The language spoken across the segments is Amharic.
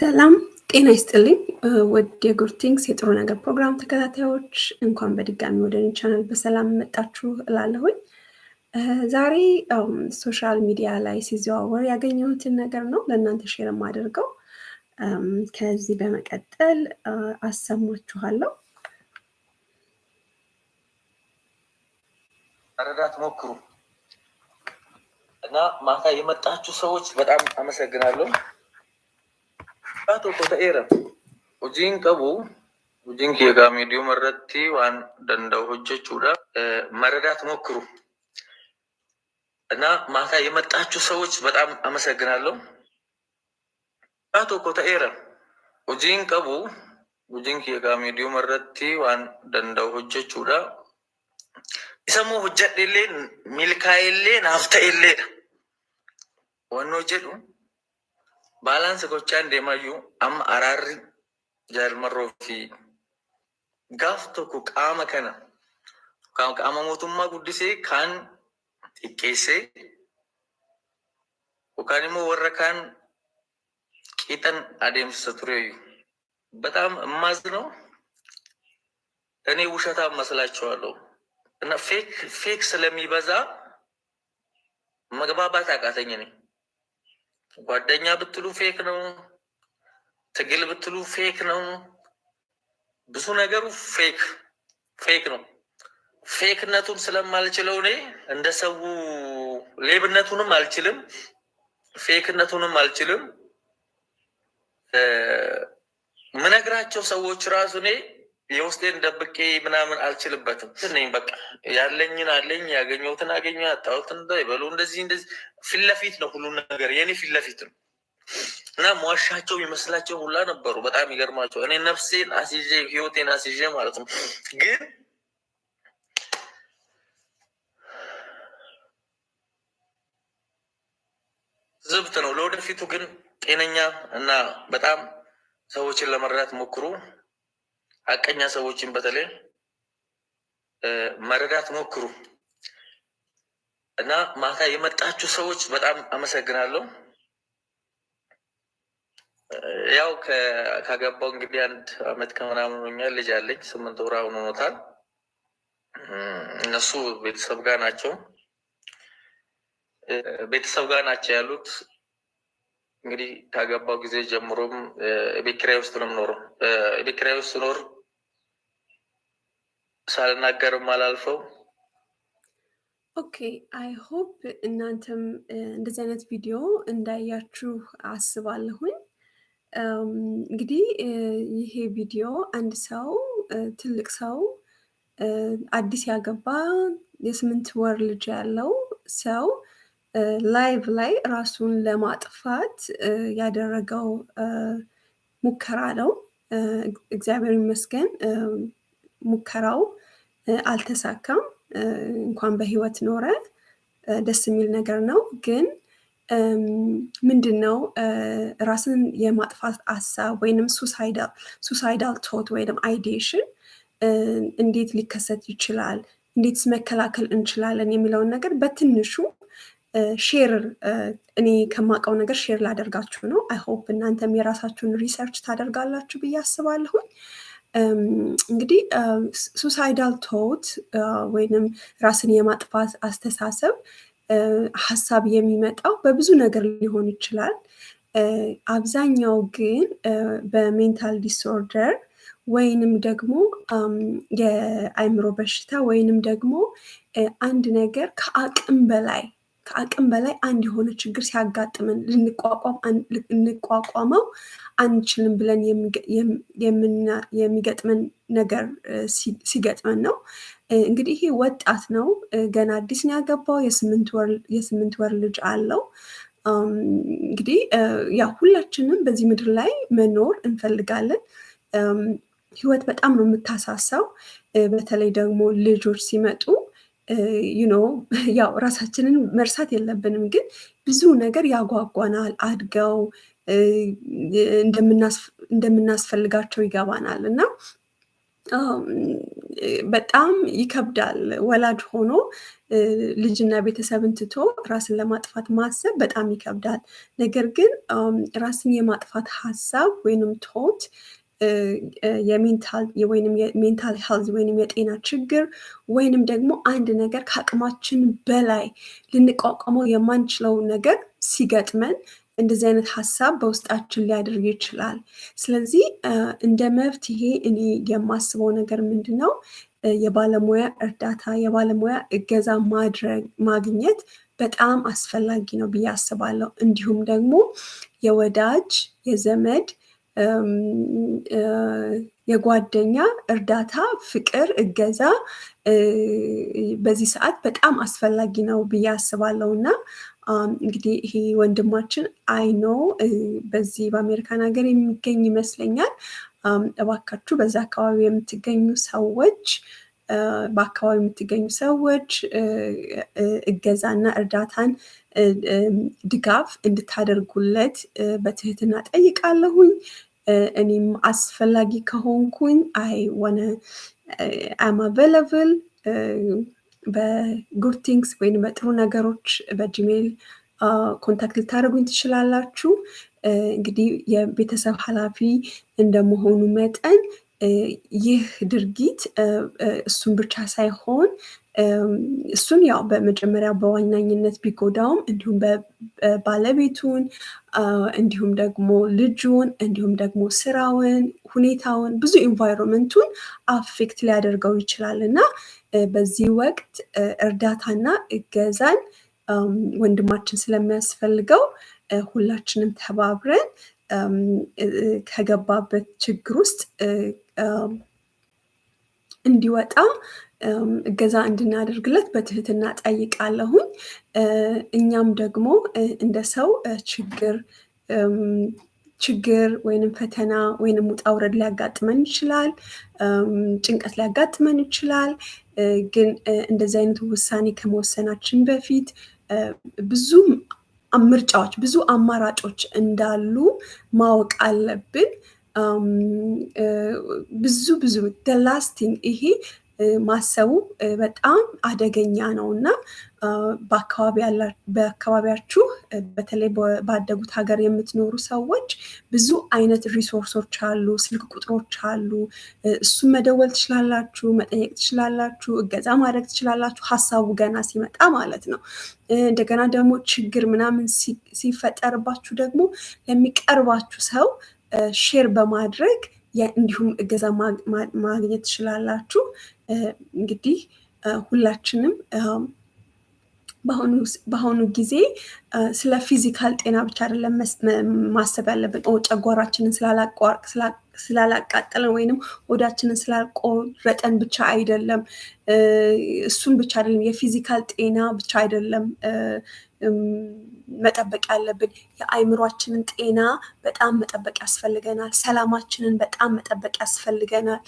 ሰላም ጤና ይስጥልኝ። ውድ የጉድ ቲንግስ የጥሩ ነገር ፕሮግራም ተከታታዮች እንኳን በድጋሚ ወደ እኔ ቻናል በሰላም መጣችሁ እላለሁኝ። ዛሬ ሶሻል ሚዲያ ላይ ሲዘዋወር ያገኘሁትን ነገር ነው ለእናንተ ሼር የማደርገው። ከዚህ በመቀጠል አሰማችኋለሁ። መረዳት ሞክሩ እና ማታ የመጣችሁ ሰዎች በጣም አመሰግናለሁ። Guyyaa tokko ta'eera. Hojiin qabu hojiin keegaa miidiyuma irratti waan danda'u hojjechuudha መረዳት ሞክሩ እና ማታ የመጣችሁ ሰዎች በጣም አመሰግናለሁ። Guyyaa tokko ta'eera. Hojiin qabu hojiin keegaa miidiyuma irratti waan danda'u hojjechuudha. Isamoo hojjedhe illee milkaa'e illee naaf ta'e illeedha. Wanni hojjedhu baalaansi gochaa deemayyuu amma araarri jaalmarroo fi gaaf tokko qaama kana qaama mootummaa guddisee kaan xiqqeessee yookaan immoo warra kaan qixan adeemsisa tureyyuu በጣም የማዝነው እኔ ውሸታም መስላችኋለሁ እና ፌክ ፌክ ስለሚበዛ መግባባት አቃተኝ እኔ። ጓደኛ ብትሉ ፌክ ነው። ትግል ብትሉ ፌክ ነው። ብዙ ነገሩ ፌክ ፌክ ነው። ፌክነቱን ስለማልችለው እኔ እንደ ሰው ሌብነቱንም አልችልም፣ ፌክነቱንም አልችልም። ምነግራቸው ሰዎች ራሱ እኔ የውስጤን ደብቄ ምናምን አልችልበትም። ትንኝ በቃ ያለኝን አለኝ ያገኘሁትን አገኘ ያጣሁትን ይበሉ። እንደዚህ እንደዚህ ፊት ለፊት ነው ሁሉን ነገር የኔ ፊት ለፊት ነው እና መዋሻቸው ይመስላቸው ሁላ ነበሩ። በጣም ይገርማቸው። እኔ ነፍሴን አስይዤ ህይወቴን አስይዤ ማለት ነው። ግን ዝብት ነው። ለወደፊቱ ግን ጤነኛ እና በጣም ሰዎችን ለመረዳት ሞክሩ። አቀኛ ሰዎችን በተለይ መረዳት ሞክሩ እና ማታ የመጣችሁ ሰዎች በጣም አመሰግናለሁ። ያው ካገባው እንግዲህ አንድ አመት ከምናምን ሆኛል። ልጅ አለኝ ስምንት ወር አሁን ሆኖታል። እነሱ ቤተሰብ ጋር ናቸው ቤተሰብ ጋር ናቸው ያሉት። እንግዲህ ካገባው ጊዜ ጀምሮም ቤት ኪራይ ውስጥ ነው የምኖረው። ቤት ኪራይ ውስጥ ስኖር ሳልናገርም አላልፈው። ኦኬ አይ ሆፕ እናንተም እንደዚህ አይነት ቪዲዮ እንዳያችሁ አስባለሁኝ። እንግዲህ ይሄ ቪዲዮ አንድ ሰው ትልቅ ሰው አዲስ ያገባ የስምንት ወር ልጅ ያለው ሰው ላይቭ ላይ ራሱን ለማጥፋት ያደረገው ሙከራ ነው። እግዚአብሔር ይመስገን ሙከራው አልተሳካም። እንኳን በህይወት ኖረ ደስ የሚል ነገር ነው። ግን ምንድን ነው ራስን የማጥፋት አሳብ ወይንም ሱሳይዳል ቶት ወይንም አይዲሽን እንዴት ሊከሰት ይችላል፣ እንዴትስ መከላከል እንችላለን የሚለውን ነገር በትንሹ ሼር እኔ ከማውቀው ነገር ሼር ላደርጋችሁ ነው። አይሆፕ እናንተም የራሳችሁን ሪሰርች ታደርጋላችሁ ብዬ አስባለሁኝ። እንግዲህ ሱሳይዳል ቶት ወይንም ራስን የማጥፋት አስተሳሰብ ሀሳብ የሚመጣው በብዙ ነገር ሊሆን ይችላል። አብዛኛው ግን በሜንታል ዲስኦርደር ወይንም ደግሞ የአእምሮ በሽታ ወይንም ደግሞ አንድ ነገር ከአቅም በላይ ከአቅም በላይ አንድ የሆነ ችግር ሲያጋጥመን ልንቋቋመው አንችልም ብለን የሚገጥመን ነገር ሲገጥመን ነው። እንግዲህ ይሄ ወጣት ነው፣ ገና አዲስ ነው ያገባው፣ የስምንት ወር ልጅ አለው። እንግዲህ ያ ሁላችንም በዚህ ምድር ላይ መኖር እንፈልጋለን። ህይወት በጣም ነው የምታሳሳው። በተለይ ደግሞ ልጆች ሲመጡ ዩኖ ያው ራሳችንን መርሳት የለብንም፣ ግን ብዙ ነገር ያጓጓናል። አድገው እንደምናስፈልጋቸው ይገባናል እና በጣም ይከብዳል። ወላጅ ሆኖ ልጅና ቤተሰብን ትቶ ራስን ለማጥፋት ማሰብ በጣም ይከብዳል። ነገር ግን ራስን የማጥፋት ሀሳብ ወይንም ቶት የሜንታል ወይም ሄልዝ ወይም የጤና ችግር ወይንም ደግሞ አንድ ነገር ከአቅማችን በላይ ልንቋቋመው የማንችለው ነገር ሲገጥመን እንደዚህ አይነት ሀሳብ በውስጣችን ሊያደርግ ይችላል። ስለዚህ እንደ መፍትሄ እኔ የማስበው ነገር ምንድን ነው? የባለሙያ እርዳታ፣ የባለሙያ እገዛ ማድረግ ማግኘት በጣም አስፈላጊ ነው ብዬ አስባለሁ። እንዲሁም ደግሞ የወዳጅ የዘመድ የጓደኛ እርዳታ፣ ፍቅር፣ እገዛ በዚህ ሰዓት በጣም አስፈላጊ ነው ብዬ አስባለሁ እና እንግዲህ ይሄ ወንድማችን አይኖ በዚህ በአሜሪካን ሀገር የሚገኝ ይመስለኛል። እባካችሁ በዛ አካባቢ የምትገኙ ሰዎች በአካባቢ የምትገኙ ሰዎች እገዛና እርዳታን ድጋፍ እንድታደርጉለት በትህትና ጠይቃለሁኝ። እኔም አስፈላጊ ከሆንኩኝ አይ ዋነ አም አቬለብል በጉድ ቲንግስ ወይም በጥሩ ነገሮች በጂሜል ኮንታክት ልታደርጉኝ ትችላላችሁ። እንግዲህ የቤተሰብ ኃላፊ እንደመሆኑ መጠን ይህ ድርጊት እሱን ብቻ ሳይሆን እሱን ያው በመጀመሪያ በዋናኝነት ቢጎዳውም እንዲሁም ባለቤቱን እንዲሁም ደግሞ ልጁን እንዲሁም ደግሞ ስራውን፣ ሁኔታውን፣ ብዙ ኢንቫይሮንመንቱን አፌክት ሊያደርገው ይችላል እና በዚህ ወቅት እርዳታና እገዛን ወንድማችን ስለሚያስፈልገው ሁላችንም ተባብረን ከገባበት ችግር ውስጥ እንዲወጣ እገዛ እንድናደርግለት በትህትና ጠይቃለሁኝ። እኛም ደግሞ እንደ ሰው ችግር ችግር ወይንም ፈተና ወይንም ውጣ ውረድ ሊያጋጥመን ይችላል። ጭንቀት ሊያጋጥመን ይችላል። ግን እንደዚህ አይነት ውሳኔ ከመወሰናችን በፊት ብዙ ምርጫዎች፣ ብዙ አማራጮች እንዳሉ ማወቅ አለብን። Um, uh, ብዙ ብዙ ላስቲንግ ይሄ ማሰቡ በጣም አደገኛ ነው እና በአካባቢያችሁ በተለይ ባደጉት ሀገር የምትኖሩ ሰዎች ብዙ አይነት ሪሶርሶች አሉ፣ ስልክ ቁጥሮች አሉ። እሱን መደወል ትችላላችሁ፣ መጠየቅ ትችላላችሁ፣ እገዛ ማድረግ ትችላላችሁ። ሀሳቡ ገና ሲመጣ ማለት ነው። እንደገና ደግሞ ችግር ምናምን ሲፈጠርባችሁ ደግሞ ለሚቀርባችሁ ሰው ሼር በማድረግ እንዲሁም እገዛ ማግኘት ትችላላችሁ። እንግዲህ ሁላችንም በአሁኑ ጊዜ ስለ ፊዚካል ጤና ብቻ አይደለም ማሰብ ያለብን። ጨጓራችንን ስላላቃጠለን ወይንም ሆዳችንን ስላልቆረጠን ብቻ አይደለም፣ እሱን ብቻ አይደለም፣ የፊዚካል ጤና ብቻ አይደለም መጠበቅ ያለብን። የአይምሯችንን ጤና በጣም መጠበቅ ያስፈልገናል። ሰላማችንን በጣም መጠበቅ ያስፈልገናል።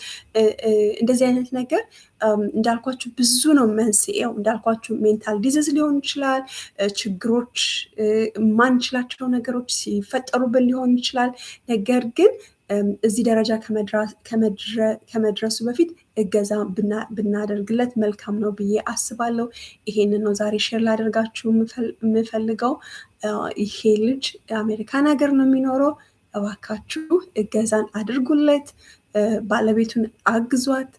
እንደዚህ አይነት ነገር እንዳልኳችሁ ብዙ ነው መንስኤው። እንዳልኳችሁ ሜንታል ዲዚዝ ሊሆን ይችላል ችግሮች ማንችላቸው ነገሮች ሲፈጠሩብን ሊሆን ይችላል። ነገር ግን እዚህ ደረጃ ከመድረሱ በፊት እገዛ ብናደርግለት መልካም ነው ብዬ አስባለሁ። ይሄንን ነው ዛሬ ሼር ላደርጋችሁ የምፈልገው። ይሄ ልጅ አሜሪካን ሀገር ነው የሚኖረው። እባካችሁ እገዛን አድርጉለት፣ ባለቤቱን አግዟት።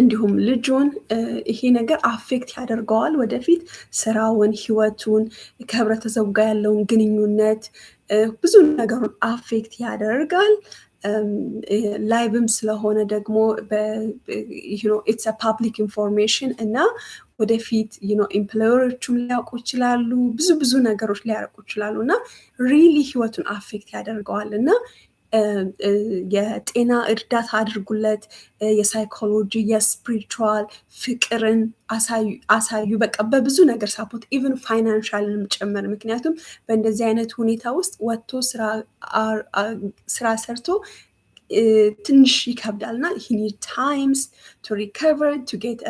እንዲሁም ልጁን ይሄ ነገር አፌክት ያደርገዋል ወደፊት ስራውን፣ ህይወቱን፣ ከህብረተሰቡ ጋር ያለውን ግንኙነት ብዙ ነገሩን አፌክት ያደርጋል። ላይቭም ስለሆነ ደግሞ ኢትስ ፓብሊክ ኢንፎርሜሽን እና ወደፊት ኢምፕሎየሮቹም ሊያውቁ ይችላሉ። ብዙ ብዙ ነገሮች ሊያውቁ ይችላሉ እና ሪሊ ህይወቱን አፌክት ያደርገዋል እና የጤና እርዳታ አድርጉለት፣ የሳይኮሎጂ የስፕሪቹዋል ፍቅርን አሳዩ። በቃ በብዙ ነገር ሳፖርት ኢቨን ፋይናንሻልንም ጭምር። ምክንያቱም በእንደዚህ አይነት ሁኔታ ውስጥ ወጥቶ ስራ ሰርቶ ትንሽ ይከብዳል እና ታይምስ ቱ ሪከቨር ቱ ጌት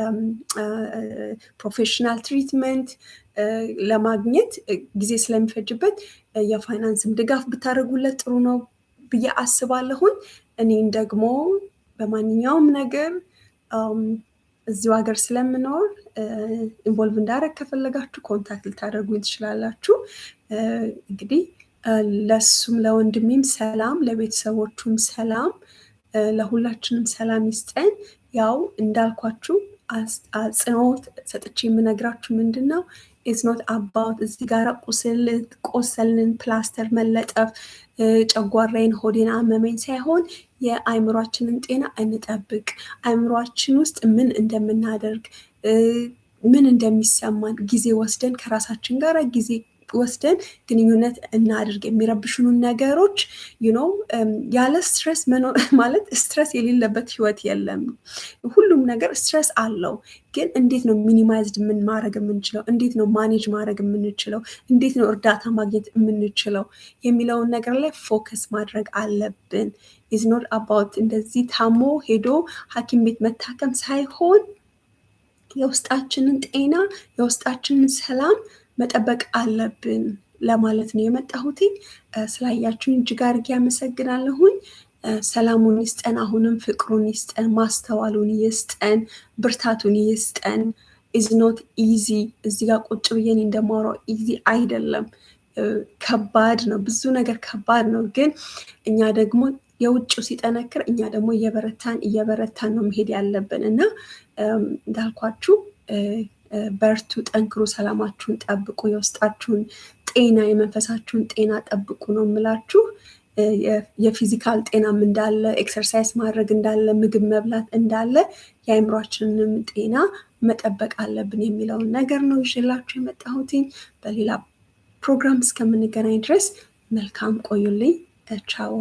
ፕሮፌሽናል ትሪትመንት ለማግኘት ጊዜ ስለሚፈጅበት የፋይናንስም ድጋፍ ብታደርጉለት ጥሩ ነው። ብዬ አስባለሁኝ። እኔም ደግሞ በማንኛውም ነገር እዚሁ ሀገር ስለምኖር ኢንቮልቭ እንዳደረግ ከፈለጋችሁ ኮንታክት ልታደርጉኝ ትችላላችሁ። እንግዲህ ለሱም ለወንድሜም ሰላም፣ ለቤተሰቦቹም ሰላም፣ ለሁላችንም ሰላም ይስጠን። ያው እንዳልኳችሁ አጽንኦት ሰጥቼ የምነግራችሁ ምንድን ነው ኢትስ ኖት አባውት እዚህ ጋር ቁስል ቆሰልን ፕላስተር መለጠፍ ጨጓራዬን ሆዴን አመመኝ ሳይሆን የአይምሯችንን ጤና እንጠብቅ። አይምሯችን ውስጥ ምን እንደምናደርግ ምን እንደሚሰማን ጊዜ ወስደን ከራሳችን ጋር ጊዜ ወስደን ግንኙነት እናድርግ የሚረብሹንን ነገሮች ዩኖ um, ያለ ስትረስ መኖር ማለት ስትረስ የሌለበት ህይወት የለም። ሁሉም ነገር ስትረስ አለው። ግን እንዴት ነው ሚኒማይዝድ ምን ማድረግ የምንችለው? እንዴት ነው ማኔጅ ማድረግ የምንችለው? እንዴት ነው እርዳታ ማግኘት የምንችለው የሚለውን ነገር ላይ ፎከስ ማድረግ አለብን። ኢዝ ኖት አባውት እንደዚህ ታሞ ሄዶ ሐኪም ቤት መታከም ሳይሆን የውስጣችንን ጤና የውስጣችንን ሰላም መጠበቅ አለብን ለማለት ነው የመጣሁት። ስላያችሁኝ እጅግ አድርጌ ያመሰግናለሁኝ። ሰላሙን ይስጠን፣ አሁንም ፍቅሩን ይስጠን፣ ማስተዋሉን ይስጠን፣ ብርታቱን ይስጠን። ኢዝ ኖት ኢዚ እዚህ ጋር ቁጭ ብዬ እኔ ኢዚ አይደለም፣ ከባድ ነው። ብዙ ነገር ከባድ ነው። ግን እኛ ደግሞ የውጭው ሲጠነክር እኛ ደግሞ እየበረታን እየበረታን ነው መሄድ ያለብን እና እንዳልኳችሁ በርቱ፣ ጠንክሩ፣ ሰላማችሁን ጠብቁ፣ የውስጣችሁን ጤና የመንፈሳችሁን ጤና ጠብቁ ነው የምላችሁ። የፊዚካል ጤናም እንዳለ ኤክሰርሳይዝ ማድረግ እንዳለ ምግብ መብላት እንዳለ የአእምሯችንንም ጤና መጠበቅ አለብን የሚለውን ነገር ነው ይዤላችሁ የመጣሁትኝ። በሌላ ፕሮግራም እስከምንገናኝ ድረስ መልካም ቆዩልኝ። ቻው